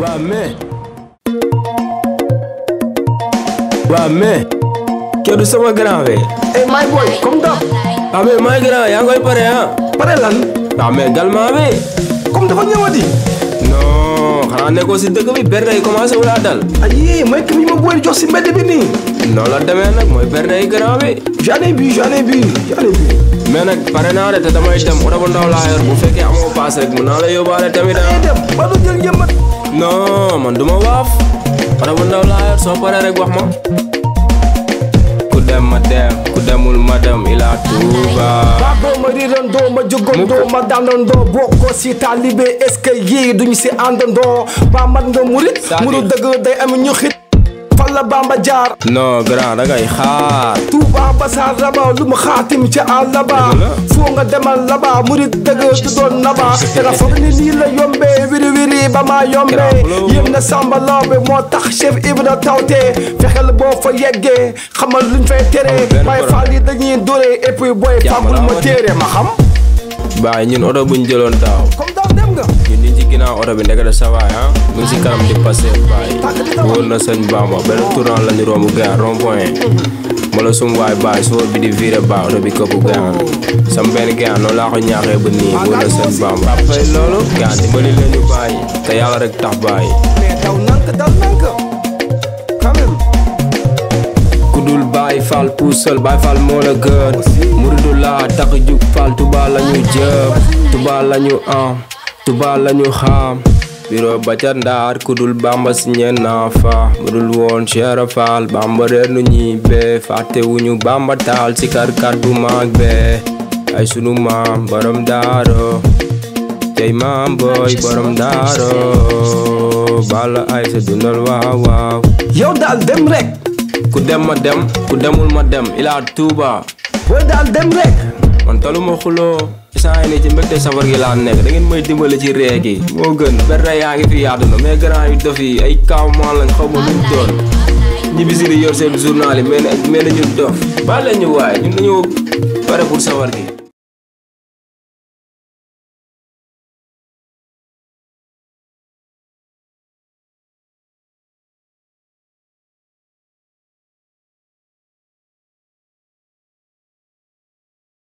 Ramen. Ramen. Quero samba grave. Ei, my boy, come down. Ramen, my grave, agora para aí. Para lá. Ramen, galma, vem. Como te vou nyamadi? xanaa nekkoo si dëkk bi bernde yi commencé wul a dal. ayi mooy kii bi ma booy jox si mbedd bi nii. noonu la demee nag mooy bernde yi grand bi. j'en ai bu j'en ai bu j'en ai bu. mais nag pare naa de te damay dem oto bu ndaw laa yor bu fekkee amoo paas rek mun naa la yóbbaale tamit ah. damay dem ba du jël njëmbat. non man du ma waaf oto bu ndaw laa yor soo paree rek wax ma. ku dem ma dem ku demul ma dem ila Touba. àndandoo ma jógandoo ma daanandoo si taalibe est-ce que yii duñu si àndandoo ba mat nga murit murit dëgg day am ñu xit fan la bamba jaar non grand da ngay xaar Touba Bassar raba lu mu xaatim ca àll ba foo nga demal la ba murit dëgg du doon na ba te la foog ni nii la yombee wiri wiri ba maa yombee yëm na Samba Laobé moo tax chef Ibra tawtee fexeel boo fa yeggee xamal luñ fay tere waaye fall yi dañuy dóoree et puis booy fàggul ma téere Gindi jikina ora be ndega da sawa ya mu di passé bay wol na sen bamba ben tourant la ni romu ga rond mala sum way bay so bi di vire ba ora bi ko bu ga sam ben ga no la ko ñaaxé bu ni wol na sen bamba pay lolu ga di bali la ñu bay te yalla rek tax bay kudul bay fal pusal bay fal mo la gën muridullah tax juk fal tuba lañu jëf tuba lañu am ah. Tuubaa lañu xam biro ba ca ndaar ku dul bamba si ñeen naa fa mu dul woon Cheikh Fall reer nu ñibbee fàtte wuñu bamba taal si karkar bu mag bee ay sunu maam borom daaro tey maam booy borom daaro bala ay sa dundal waaw waaw yow daal dem rek ku dem ma dem ku demul ma dem ilaa Tuubaa booy daal dem rek man taluma xuloo sa yi nii ci mbégte safar gi laa nekk da ngeen may dimbali ci ree gi moo gën berte yaa ngi fi yaatu na mais grand yu dof yi ay kaaw maa lañ xaw ma luñ doon ñibbi si di yor yi mel na mel dof baal leen ñu waaye ñun dañoo pare pour safar gi